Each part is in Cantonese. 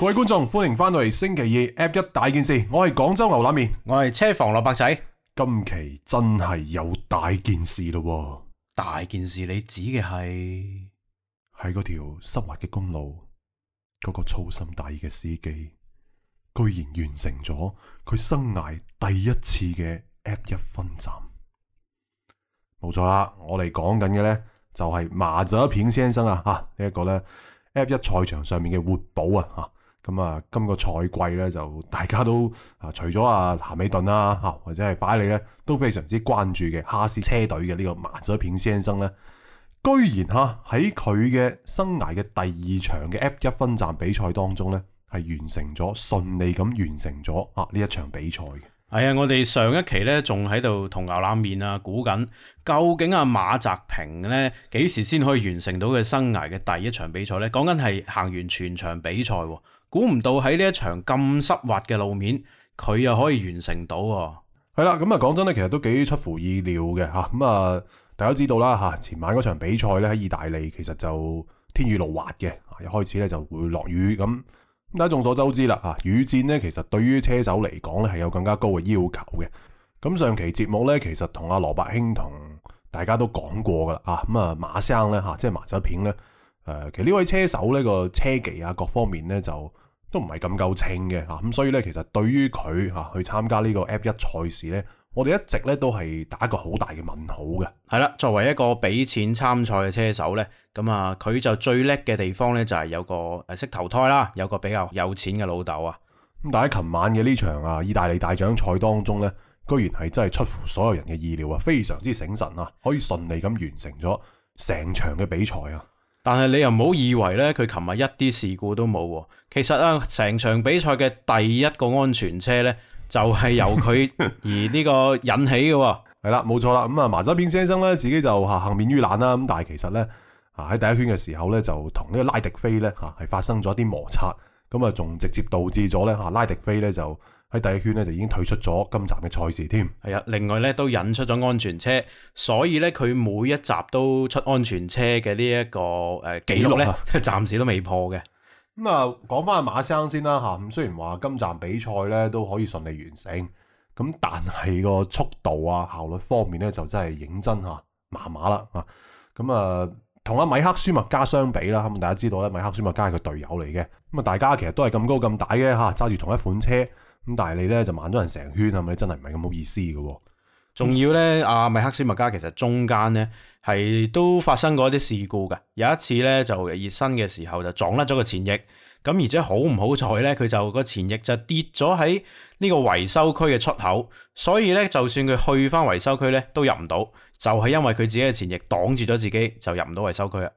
各位觀眾，歡迎翻到嚟星期二 F1 大件事，我係廣州牛腩麵，我係車房老白仔。今期真係有大件事咯，大件事你指嘅係喺嗰條濕滑嘅公路，嗰、那個粗心大意嘅司機，居然完成咗佢生涯第一次嘅 F1 分站。冇錯啦，我哋講緊嘅呢就係麻雀片先生啊，吓、這個、呢一個咧 F1 賽場上面嘅活寶啊，吓。咁啊、嗯，今個賽季咧就大家都啊，除咗阿哈美頓啊，吓、啊啊、或者係法拉利咧都非常之關注嘅哈斯車隊嘅呢個馬澤平先生咧，居然吓喺佢嘅生涯嘅第二場嘅 F 一分站比賽當中咧，係完成咗順利咁完成咗啊呢一場比賽嘅。係啊、哎，我哋上一期咧仲喺度同牛腩麵啊估緊，究竟阿、啊、馬澤平咧幾時先可以完成到嘅生涯嘅第一場比賽咧？講緊係行完全場比賽、啊。估唔到喺呢一場咁濕滑嘅路面，佢又可以完成到喎。係啦，咁啊講真咧，其實都幾出乎意料嘅吓。咁啊，大家知道啦吓，前晚嗰場比賽咧喺意大利，其實就天雨路滑嘅。一開始咧就會落雨，咁咁但係眾所周知啦，雨戰咧其實對於車手嚟講咧係有更加高嘅要求嘅。咁上期節目咧，其實同阿羅伯興同大家都講過噶啦。啊，咁啊馬生咧吓，即係麻雀片咧。誒，其實呢位車手呢個車技啊，各方面呢，就都唔係咁夠稱嘅吓，咁、啊、所以呢，其實對於佢吓去參加呢個 F1 賽事呢，我哋一直呢都係打個好大嘅問號嘅。係啦，作為一個俾錢參賽嘅車手呢，咁啊佢就最叻嘅地方呢，就係、是、有個誒識、啊、投胎啦，有個比較有錢嘅老豆啊。咁但係喺琴晚嘅呢場啊意大利大獎賽當中呢，居然係真係出乎所有人嘅意料啊，非常之醒神啊，可以順利咁完成咗成場嘅比賽啊！但係你又唔好以為咧，佢琴日一啲事故都冇。其實啊，成場比賽嘅第一個安全車咧，就係由佢而呢個引起嘅、 嗯。係啦，冇錯啦。咁啊，麻扎片先生咧，自己就吓幸免於難啦。咁但係其實咧，啊喺第一圈嘅時候咧，就同呢個拉迪飛咧吓係發生咗一啲摩擦。咁啊，仲直接導致咗咧吓拉迪飛咧就。喺第一圈咧就已經退出咗今站嘅賽事添。係啊，另外咧都引出咗安全車，所以咧佢每一集都出安全車嘅呢一個誒記錄咧，暫時都未破嘅。咁啊、嗯，講翻阿馬生先啦吓，咁雖然話今站比賽咧都可以順利完成，咁但係個速度啊效率方面咧就真係認真吓麻麻啦啊。咁啊，同阿米克舒麥加相比啦，咁大家知道咧，米克舒麥加係佢隊友嚟嘅。咁啊，大家其實都係咁高咁大嘅吓，揸住同一款車。咁但係你咧就慢咗人成圈，係咪真係唔係咁好意思嘅？仲要咧，阿米克斯麥加其實中間咧係都發生過一啲事故嘅。有一次咧就熱身嘅時候就撞甩咗個前翼，咁而且好唔好彩咧，佢就個前翼就跌咗喺呢個維修區嘅出口，所以咧就算佢去翻維修區咧都入唔到，就係因為佢自己嘅前翼擋住咗自己就入唔到維修區啦。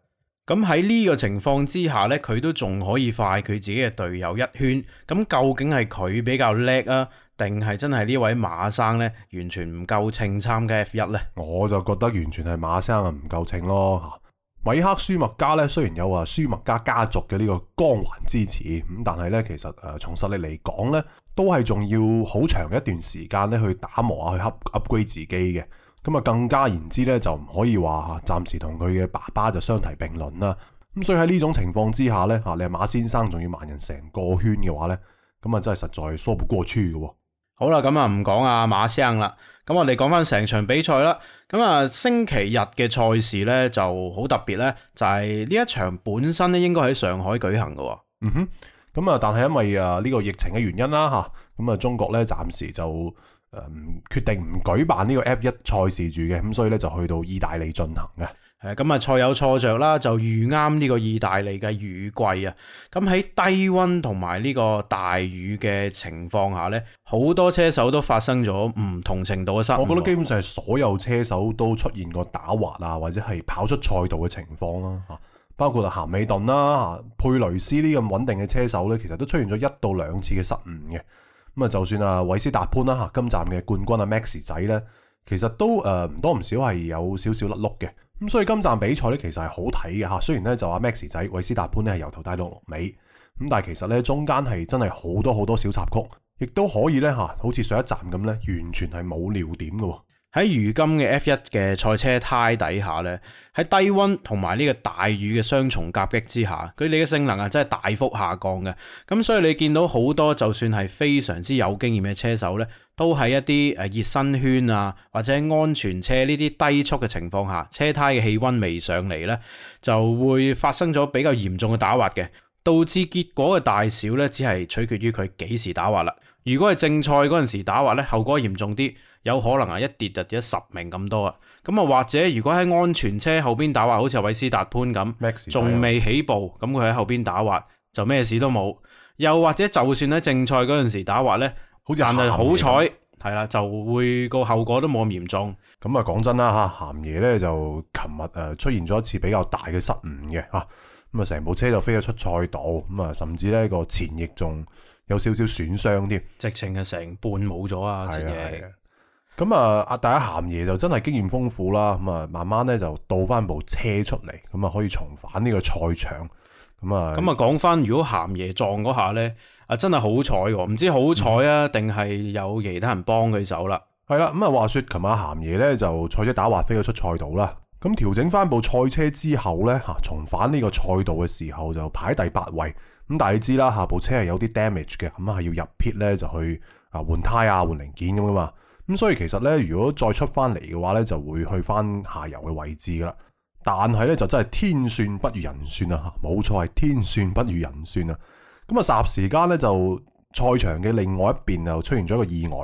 咁喺呢個情況之下呢，佢都仲可以快佢自己嘅隊友一圈。咁究竟係佢比較叻啊，定係真係呢位馬生呢？完全唔夠稱參加 F 一呢？我就覺得完全係馬生啊唔夠稱咯。米克舒麥加呢，雖然有話舒麥加家，家族嘅呢個光環支持，咁但係呢，其實誒、呃、從實力嚟講呢都係仲要好長一段時間咧去打磨啊去 up upgrade 自己嘅。咁啊，更加言之咧，就唔可以話吓，暫時同佢嘅爸爸就相提並論啦。咁所以喺呢種情況之下咧，吓，你馬先生仲要慢人成個圈嘅話咧，咁啊真係實在說唔過去嘅。好啦，咁啊唔講阿馬先生啦，咁我哋講翻成場比賽啦。咁啊星期日嘅賽事咧就好特別咧，就係呢一場本身咧應該喺上海舉行嘅。嗯哼，咁啊但係因為啊呢個疫情嘅原因啦吓，咁啊中國咧暫時就。誒、嗯，決定唔舉辦呢個 F1 賽事住嘅，咁所以咧就去到意大利進行嘅。誒，咁啊，錯有錯着啦，就遇啱呢個意大利嘅雨季啊。咁喺低温同埋呢個大雨嘅情況下呢，好多車手都發生咗唔同程度嘅失。我覺得基本上係所有車手都出現過打滑啊，或者係跑出賽道嘅情況啦。吓，包括阿咸美頓啦、啊、佩雷斯呢咁穩定嘅車手呢，其實都出現咗一到兩次嘅失誤嘅。咁啊，就算啊，韋斯達潘啦，哈，今站嘅冠軍啊，Max 仔咧，其實都誒唔、呃、多唔少係有少少甩碌嘅。咁所以今站比賽咧，其實係好睇嘅吓。雖然咧就阿、啊、Max 仔韋斯達潘咧係由頭低到落尾，咁但係其實咧中間係真係好多好多小插曲，亦都可以咧吓、啊，好似上一站咁咧，完全係冇尿點噶、啊。喺如今嘅 F 一嘅賽車胎底下咧，喺低溫同埋呢個大雨嘅雙重夾擊之下，佢哋嘅性能啊真係大幅下降嘅。咁所以你見到好多就算係非常之有經驗嘅車手咧，都喺一啲誒熱身圈啊或者安全車呢啲低速嘅情況下，車胎嘅氣溫未上嚟咧，就會發生咗比較嚴重嘅打滑嘅，導致結果嘅大小咧，只係取決於佢幾時打滑啦。如果係正賽嗰陣時打滑呢，後果嚴重啲，有可能係一跌就跌十名咁多啊。咁啊，或者如果喺安全車後邊打滑，好似韋斯達潘咁，仲未 Max i 起步，咁佢喺後邊打滑就咩事都冇。又或者就算喺正賽嗰陣時打滑咧，好像 但係好彩係啦，就會個後果都冇咁嚴重。咁啊，講真啦吓，鹹爺咧就琴日，誒出現咗一次比較大嘅失誤嘅吓，咁啊成部車就飛咗出賽道，咁啊甚至呢個前翼仲。有少少損傷添，直情係成半冇咗啊！係啊係啊咁啊，阿、嗯、大家鹹爺就真係經驗豐富啦，咁啊慢慢咧就倒翻部車出嚟，咁啊可以重返呢個賽場，咁啊咁啊講翻如果鹹爺撞嗰下咧，啊真係好彩喎，唔知好彩啊定係有其他人幫佢走啦？係啦，咁啊話説琴晚鹹爺咧就賽車打滑飛咗出賽道啦。咁調整翻部賽車之後呢，嚇，重返呢個賽道嘅時候就排第八位。咁但係你知啦下部車係有啲 damage 嘅，咁啊係要入 pit 咧就去啊換胎啊換零件咁㗎嘛。咁所以其實呢，如果再出翻嚟嘅話呢，就會去翻下游嘅位置㗎啦。但係呢，就真係天算不如人算啊！嚇，冇錯係天算不如人算啊！咁啊霎時間呢，就賽場嘅另外一邊又出現咗一個意外。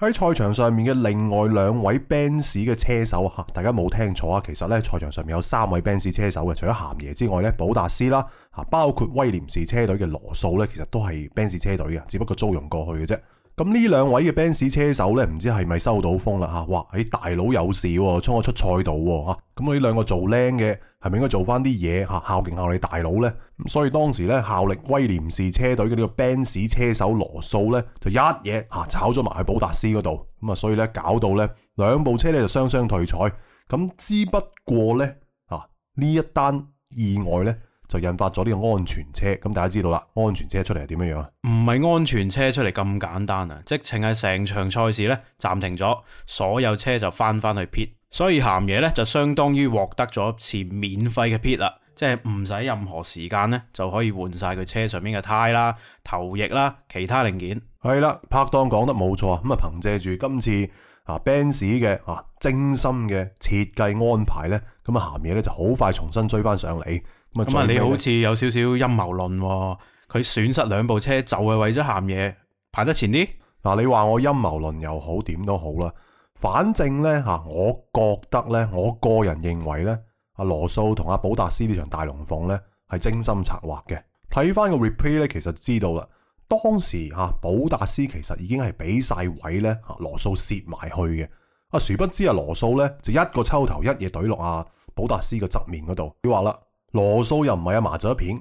喺賽場上面嘅另外兩位 Benz 嘅車手啊，大家冇聽錯啊，其實咧，賽場上面有三位 Benz 車手嘅，除咗咸爺之外咧，寶達斯啦，吓，包括威廉士車隊嘅羅素咧，其實都係 Benz 車隊嘅，只不過租用過去嘅啫。咁呢兩位嘅 Benz 車手呢，唔知係咪收到風啦吓，哇！誒、哎、大佬有事、哦，衝我出賽道喎、哦、吓，咁我呢兩個做靚嘅，係咪應該做翻啲嘢吓，孝敬下你大佬呢。咁所以當時呢，效力威廉士車隊嘅呢個 Benz 車手羅素呢，就一嘢吓炒咗埋喺保達斯嗰度，咁啊，所以呢，搞到呢兩部車呢就雙雙退賽，咁、啊、之不過呢，啊呢一單意外呢。就引發咗呢個安全車，咁大家知道啦。安全車出嚟係點樣樣啊？唔係安全車出嚟咁簡單啊！直情係成場賽事咧暫停咗，所有車就翻翻去 pit，所以咸嘢咧就相當於獲得咗一次免費嘅 pit 啦，即係唔使任何時間咧就可以換晒佢車上面嘅胎啦、頭翼啦、其他零件。係啦，拍檔講得冇錯，咁啊，憑借住今次啊 Benz 嘅啊精心嘅設計安排咧，咁啊咸嘢咧就好快重新追翻上嚟。咁啊！你好似有少少陰謀論喎，佢損失兩部車就係為咗鹹嘢排得前啲。嗱，你話我陰謀論又好，點都好啦。反正呢，嚇，我覺得呢，我個人認為呢，阿羅素同阿保達斯呢場大龍鳳呢係精心策劃嘅。睇翻個 replay 呢，其實知道啦，當時嚇保達斯其實已經係俾晒位呢嚇羅素蝕埋去嘅。啊，殊不知啊，羅素呢就一個抽頭一嘢懟落阿保達斯個側面嗰度，佢話啦。羅素又唔係阿麻雀片，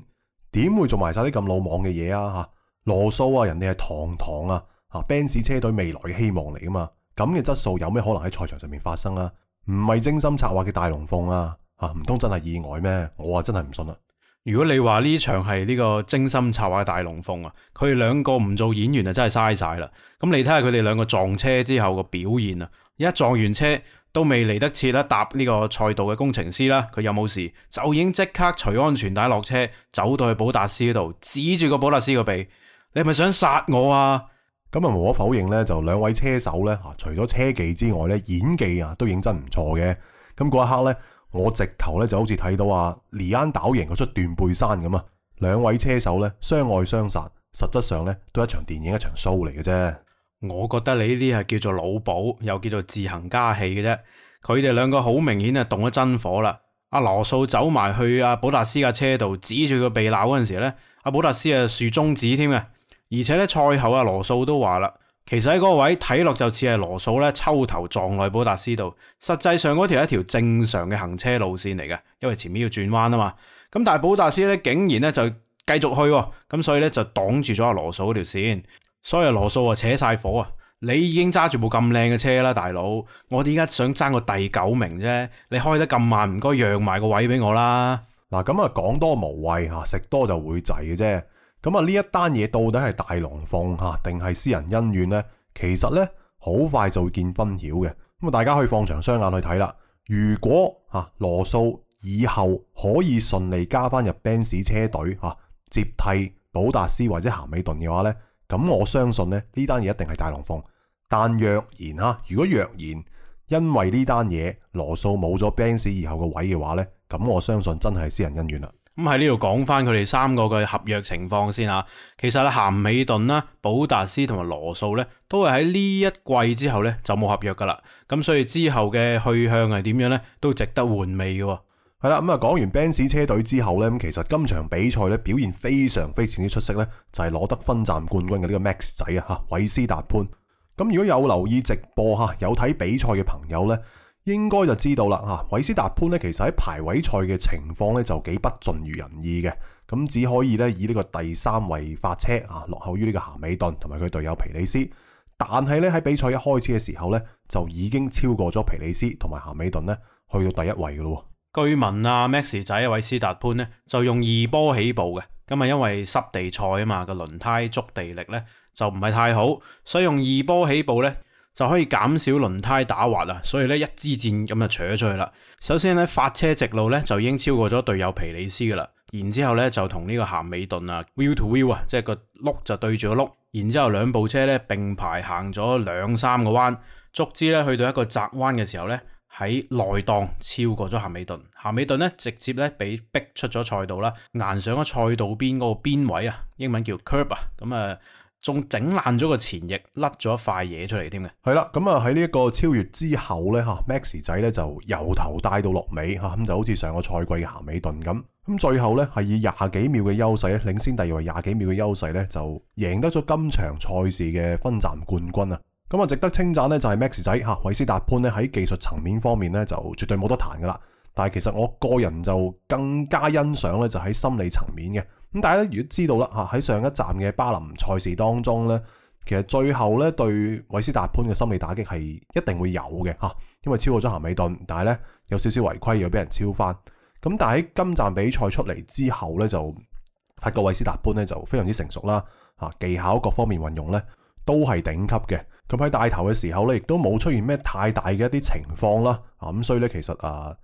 點會做埋晒啲咁魯莽嘅嘢啊？吓羅素啊，人哋係堂堂啊，啊，Benz 車隊未來嘅希望嚟啊嘛，咁嘅質素有咩可能喺賽場上面發生啊？唔係精心策劃嘅大龍鳳啊？吓唔通真係意外咩？我啊真係唔信啊！如果你話呢場係呢個精心策劃嘅大龍鳳啊，佢哋兩個唔做演員啊，真係嘥晒啦！咁你睇下佢哋兩個撞車之後個表現啊，一撞完車。都未嚟得切啦，搭呢個賽道嘅工程師啦，佢有冇事就已經即刻除安全帶落車，走到去寶達斯嗰度，指住個寶達斯個鼻，你係咪想殺我啊？咁啊無可否認咧，就兩位車手咧吓，除咗車技之外咧，演技，啊都認真唔錯嘅。咁嗰一刻咧，我直頭咧就好似睇到啊李安導演嗰出斷背山咁啊，兩位車手咧相愛相殺，實質上咧都係一場電影一場 show 嚟嘅啫。我覺得你呢啲係叫做腦補，又叫做自行加氣嘅啫。佢哋兩個好明顯啊，動咗真火啦。阿羅素走埋去阿保達斯架車度，指住佢鼻鬧嗰陣時咧，阿保達斯啊豎中指添嘅。而且咧賽後阿羅素都話啦，其實喺嗰個位睇落就似係羅素咧抽頭撞落保達斯度，實際上嗰條係一條正常嘅行車路線嚟嘅，因為前面要轉彎啊嘛。咁但係保達斯咧竟然咧就繼續去，咁所以咧就擋住咗阿羅素嗰條線。所以羅素啊，扯晒火啊！你已經揸住部咁靚嘅車啦，大佬，我點解想爭個第九名啫？你開得咁慢，唔該讓埋個位俾我啦！嗱，咁啊，講多無謂吓，食、啊、多就會滯嘅啫。咁啊，呢一單嘢到底係大龍鳳吓，定、啊、係私人恩怨呢？其實呢，好快就會見分曉嘅。咁啊，大家可以放長雙眼去睇啦。如果啊，羅素以後可以順利加翻入 Benz 車隊吓、啊，接替寶達斯或者咸美頓嘅話呢。咁我相信咧，呢單嘢一定係大龍鳳，但若然哈，如果若然因為呢單嘢羅素冇咗 Benz 以後嘅位嘅話咧，咁我相信真係私人恩怨啦。咁喺呢度講翻佢哋三個嘅合約情況先吓、啊，其實啊，咸美頓啦、啊、保達斯同埋羅素咧，都係喺呢一季之後咧就冇合約噶啦，咁所以之後嘅去向係點樣咧，都值得玩味嘅、哦。係啦，咁啊，講完 Benz 車隊之後咧，咁其實今場比賽咧表現非常非常之出色咧，就係、是、攞得分站冠軍嘅呢個 Max 仔啊，吓，韋斯達潘。咁如果有留意直播吓，有睇比賽嘅朋友咧，應該就知道啦吓。韋斯達潘咧其實喺排位賽嘅情況咧就幾不盡如人意嘅，咁只可以咧以呢個第三位發車啊，落後於呢個咸美頓同埋佢隊友皮里斯。但係咧喺比賽一開始嘅時候呢就已經超過咗皮里斯同埋咸美頓呢去到第一位噶啦。據聞啊，Max 仔啊，韋斯達潘咧就用二波起步嘅，咁啊因為濕地賽啊嘛，個輪胎觸地力咧就唔係太好，所以用二波起步咧就可以減少輪胎打滑啦，所以咧一支箭咁就扯咗出去啦。首先咧發車直路咧就已經超過咗隊友皮里斯噶啦，然之後咧就同呢個咸美頓啊，wheel to wheel 啊，即係個轆就對住個轆，然之後兩部車咧並排行咗兩三個彎，直至咧去到一個窄彎嘅時候咧。喺內檔超過咗咸美頓，咸美頓咧直接咧俾逼出咗賽道啦，硬上咗賽道邊嗰個邊位啊，英文叫 curb 啊，咁啊仲整爛咗個前翼，甩咗一塊嘢出嚟添嘅。係啦，咁啊喺呢一個超越之後咧，哈 Max 仔咧就由頭帶到落尾，吓咁就好似上個賽季嘅咸美頓咁，咁最後咧係以廿幾秒嘅優勢咧領先第二位廿幾秒嘅優勢咧就贏得咗今場賽事嘅分站冠軍啊！咁啊，值得稱讚咧，就係 Max 仔吓，韋斯達潘咧喺技術層面方面咧就絕對冇得彈噶啦。但係其實我個人就更加欣賞咧，就喺心理層面嘅。咁大家如果知道啦吓，喺上一站嘅巴林賽事當中咧，其實最後咧對韋斯達潘嘅心理打擊係一定會有嘅吓，因為超過咗咸美頓，但係咧有少少違規又俾人超翻。咁但係喺今站比賽出嚟之後咧，就發覺韋斯達潘咧就非常之成熟啦吓，技巧各方面運用咧都係頂級嘅。咁喺大頭嘅時候咧，亦都冇出現咩太大嘅一啲情況啦，咁、啊、所以咧，其實啊，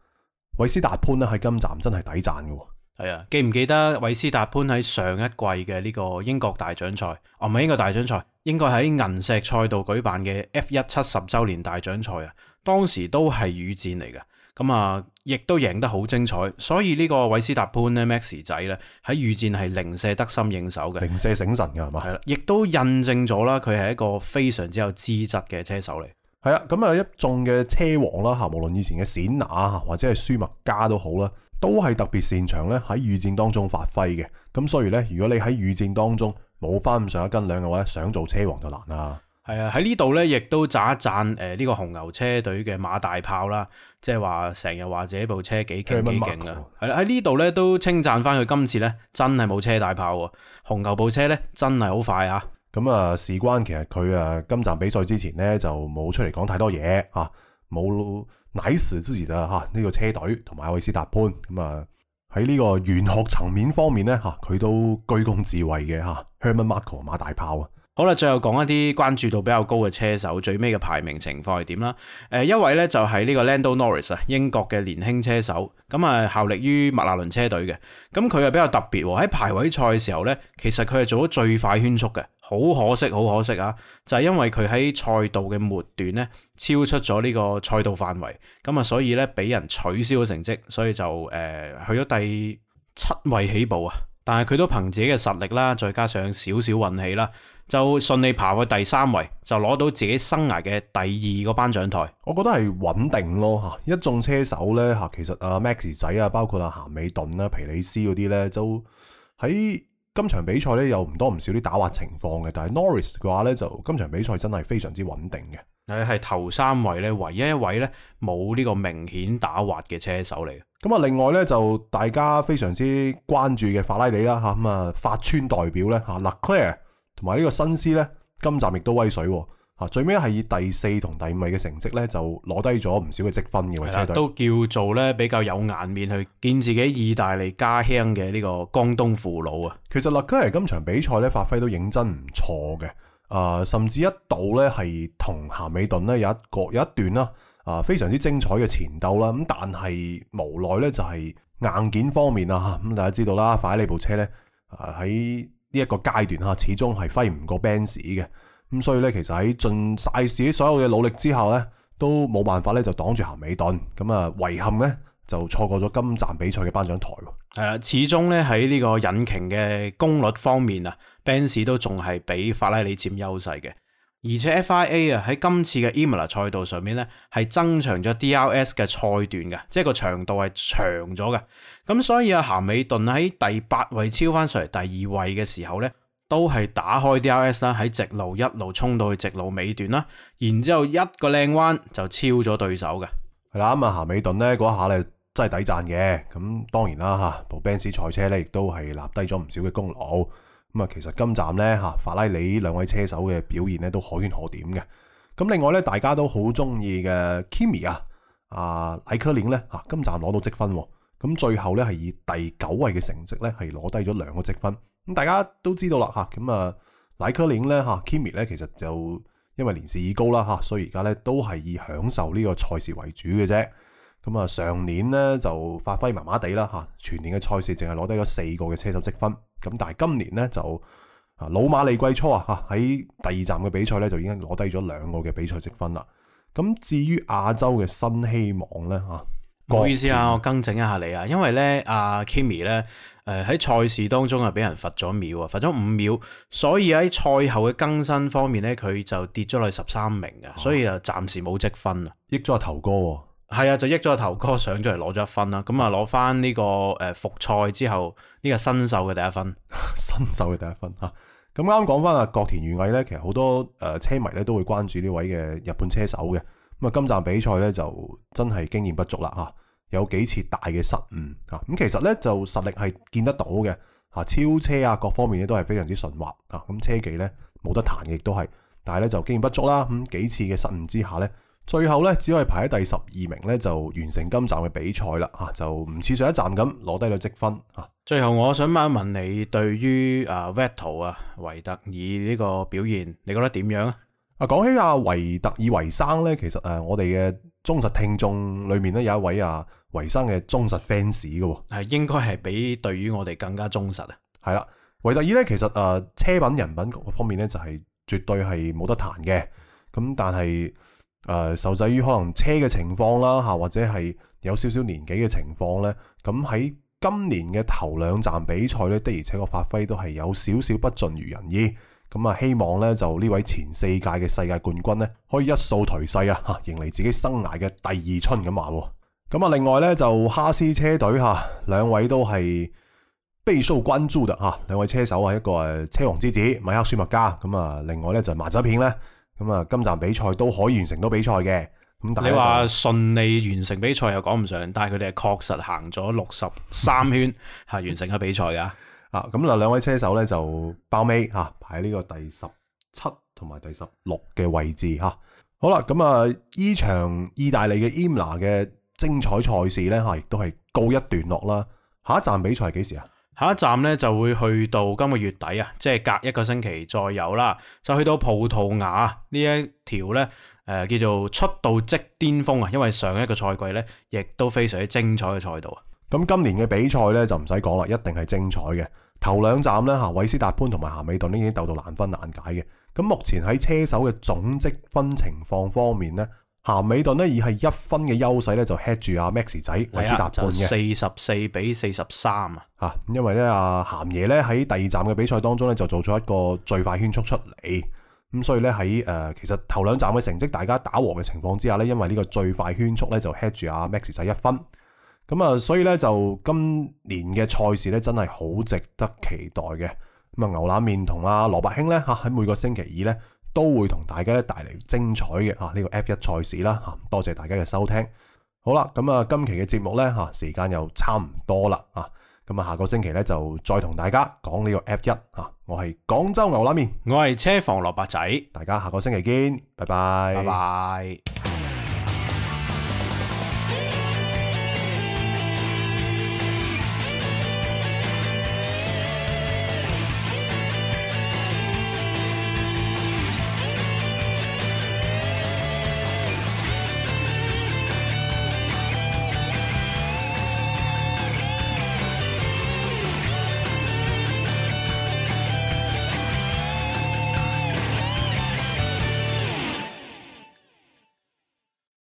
韋斯達潘咧喺今站真係抵賺嘅，係啊，記唔記得韋斯達潘喺上一季嘅呢個英國大獎賽？哦、啊，唔係英國大獎賽，應該喺銀石賽道舉辦嘅 F1 七十周年大獎賽啊，當時都係雨戰嚟嘅。咁啊，亦都、嗯、贏得好精彩，所以呢個韋斯達潘 Max 仔咧喺預戰係零舍得心應手嘅，零舍醒神嘅係嘛？係啦，亦都印證咗啦，佢係一個非常之有資質嘅車手嚟。係啊，咁啊一眾嘅車王啦嚇，無論以前嘅冼拿或者係舒麥加都好啦，都係特別擅長咧喺預戰當中發揮嘅。咁所以咧，如果你喺預戰當中冇翻唔上一斤兩嘅話咧，想做車王就難啊！係啊，喺呢度咧，亦都讚一讚誒呢個紅牛車隊嘅馬大炮啦，即係話成日話自己部車幾勁幾勁啊！係啦 Mar，喺呢度咧都稱讚翻佢今次咧真係冇車大炮喎，紅牛部車咧真係好快啊！咁啊，事關其實佢啊今站比賽之前咧就冇出嚟講太多嘢嚇，冇乃時之餘啊嚇呢、這個車隊同埋韋斯達潘，咁啊喺呢個玄學層面方面咧嚇，佢都居功自偉嘅嚇 Herman Marco 馬大炮啊！好啦，最後講一啲關注度比較高嘅車手，最尾嘅排名情況係點啦？誒，一位咧就係呢個 Lando Norris 啊，英國嘅年輕車手，咁啊效力於麥納倫車隊嘅。咁佢係比較特別喎。喺排位賽嘅時候咧，其實佢係做咗最快圈速嘅，好可惜，好可惜啊！就係因為佢喺賽道嘅末段咧超出咗呢個賽道範圍，咁啊，所以咧俾人取消咗成績，所以就誒去咗第七位起步啊。但係佢都憑自己嘅實力啦，再加上少少運氣啦。就順利爬去第三位，就攞到自己生涯嘅第二個頒獎台。我覺得係穩定咯，嚇。一眾車手呢，嚇，其實阿 Max 仔啊，包括阿咸美頓啦、皮里斯嗰啲呢，都喺今場比賽呢有唔多唔少啲打滑情況嘅。但係 Norris 嘅話呢，就今場比賽真係非常之穩定嘅。誒係頭三位呢，唯一一位呢，冇呢個明顯打滑嘅車手嚟。咁啊，另外呢，就大家非常之關注嘅法拉利啦嚇，咁啊法川代表呢。嚇 Leclerc 同埋呢個新思咧，今集亦都威水喎。最尾係以第四同第五位嘅成績咧，就攞低咗唔少嘅積分，嘅車隊都叫做咧比較有眼面去見自己意大利家鄉嘅呢個江東父老啊。其實勒加尼今場比賽咧，發揮都認真唔錯嘅啊、呃，甚至一度咧係同咸美頓咧有一個有一段啦啊，非常之精彩嘅前鬥啦。咁但係無奈咧就係、是、硬件方面啊，咁大家知道啦，快呢部車咧啊喺。呃呢一個階段哈，始終係揮唔過 Benz 嘅，咁所以咧，其實喺盡晒自己所有嘅努力之後咧，都冇辦法咧就擋住咸美頓，咁啊遺憾咧就錯過咗今站比賽嘅頒獎台。係啦，始終咧喺呢個引擎嘅功率方面啊，Benz 都仲係比法拉利佔優勢嘅。而且 FIA 啊喺今次嘅 Imola 賽道上面咧係增長咗 DRS 嘅賽段嘅，即係個長度係長咗嘅。咁所以阿、啊、咸美頓喺第八位超翻上嚟，第二位嘅時候咧，都係打開 DRS 啦，喺直路一路衝到去直路尾段啦，然之後一個靚彎就超咗對手嘅。係啦，咁啊咸美頓咧嗰下咧真係抵讚嘅。咁當然啦吓，部 Benz 賽車咧亦都係立低咗唔少嘅功勞。咁啊，其實今站咧吓，法拉利兩位車手嘅表現咧都可圈可點嘅。咁另外咧，大家都好中意嘅 Kimi 啊，啊萊科寧呢吓，今站攞到積分，咁最後咧係以第九位嘅成績咧係攞低咗兩個積分。咁大家都知道啦吓，咁啊萊科寧呢吓、啊、，Kimi 呢其實就因為年事已高啦吓、啊，所以而家咧都係以享受呢個賽事為主嘅啫。咁啊，上年咧就發揮麻麻地啦，吓全年嘅賽事淨係攞低咗四個嘅車手積分。咁但係今年咧就啊，老馬利季初啊，吓喺第二站嘅比賽咧就已經攞低咗兩個嘅比賽積分啦。咁至於亞洲嘅新希望咧啊，唔好意思啊，我更正一下你啊，因為咧阿 Kimi 咧誒喺賽事當中啊俾人罰咗秒啊，罰咗五秒，所以喺賽後嘅更新方面咧佢就跌咗落去十三名嘅，所以啊暫時冇積分啊，益咗阿頭哥。係啊，就益咗阿頭哥上咗嚟攞咗一分啦。咁啊，攞翻呢個誒復賽之後呢、這個新秀嘅第一分， 新秀嘅第一分吓。咁啱講翻啊，角田裕毅呢，其實好多誒車迷咧都會關注呢位嘅日本車手嘅。咁啊，今站比賽呢，就真係經驗不足啦吓，有幾次大嘅失誤吓。咁、啊、其實呢，就實力係見得到嘅吓、啊，超車啊各方面咧都係非常之順滑啊。咁車技呢，冇得彈亦都係，但係呢，就經驗不足啦。咁、嗯、幾次嘅失誤之下呢。最後咧，只可以排喺第十二名咧，就完成今站嘅比賽啦。吓就唔似上一站咁攞低咗積分吓。啊、最後我想問一問你對於，對於啊 Vettel 啊維特爾呢個表現，你覺得點樣啊？啊，講起阿維特爾維生咧，其實誒、啊，我哋嘅忠實聽眾裏面咧，有一位阿、啊、維生嘅忠實 fans 嘅係應該係比對於我哋更加忠實啊。係啦、啊，維特爾咧，其實誒、啊、車品人品各方面咧，就係、是、絕對係冇得彈嘅。咁但係。誒，受制於可能車嘅情況啦，吓或者係有少少年紀嘅情況呢。咁喺今年嘅頭兩站比賽呢，的而且確發揮都係有少少不盡如人意，咁啊，希望呢，就呢位前四屆嘅世界冠軍呢，可以一掃頹勢啊，吓，迎嚟自己生涯嘅第二春咁話。咁啊，另外呢，就哈斯車隊吓，兩位都係備受關注嘅吓，兩位車手係一個誒車王之子米克舒麥加，咁啊，另外呢，就係麻扎片呢。咁啊，今站比賽都可以完成到比賽嘅。咁你話順利完成比賽又講唔上，但係佢哋係確實行咗六十三圈吓，完成咗比賽噶、 啊。啊，咁嗱，兩位車手咧就包尾吓，排喺呢個第十七同埋第十六嘅位置吓、啊。好啦，咁啊，呢場意大利嘅 Imola、mm、嘅精彩賽事咧吓，亦都係告一段落啦。下一站比賽幾時啊？下一站咧就會去到今個月底啊，即係隔一個星期再有啦，就去到葡萄牙呢一條咧，誒、呃、叫做「出道即巔峰」，啊，因為上一個賽季咧亦都非常之精彩嘅賽道啊。咁今年嘅比賽咧就唔使講啦，一定係精彩嘅。頭兩站咧嚇，韋斯達潘同埋夏美頓已經鬥到難分難解嘅。咁目前喺車手嘅總積分情況方面咧。咸、啊、美頓咧已係一分嘅優勢咧就 head 住阿 Max 仔韋斯達潘嘅，四十四比四十三啊！吓，因為咧、啊、阿咸爺咧喺第二站嘅比賽當中咧就做咗一個最快圈速出嚟，咁所以咧喺誒其實頭兩站嘅成績大家打和嘅情況之下咧，因為呢個最快圈速咧就 head 住阿、啊、Max 仔一分，咁啊所以咧就今年嘅賽事咧真係好值得期待嘅，咁啊牛腩麵同阿蘿蔔兄咧吓喺每個星期二咧。都會同大家咧帶嚟精彩嘅啊呢個 F 一賽事啦吓，多謝大家嘅收聽。好啦，咁啊今期嘅節目呢，吓，時間又差唔多啦啊，咁啊下個星期呢，就再同大家講呢個 F 一啊，我係廣州牛腩麵，我係車房蘿蔔仔，大家下個星期見，拜拜。拜拜。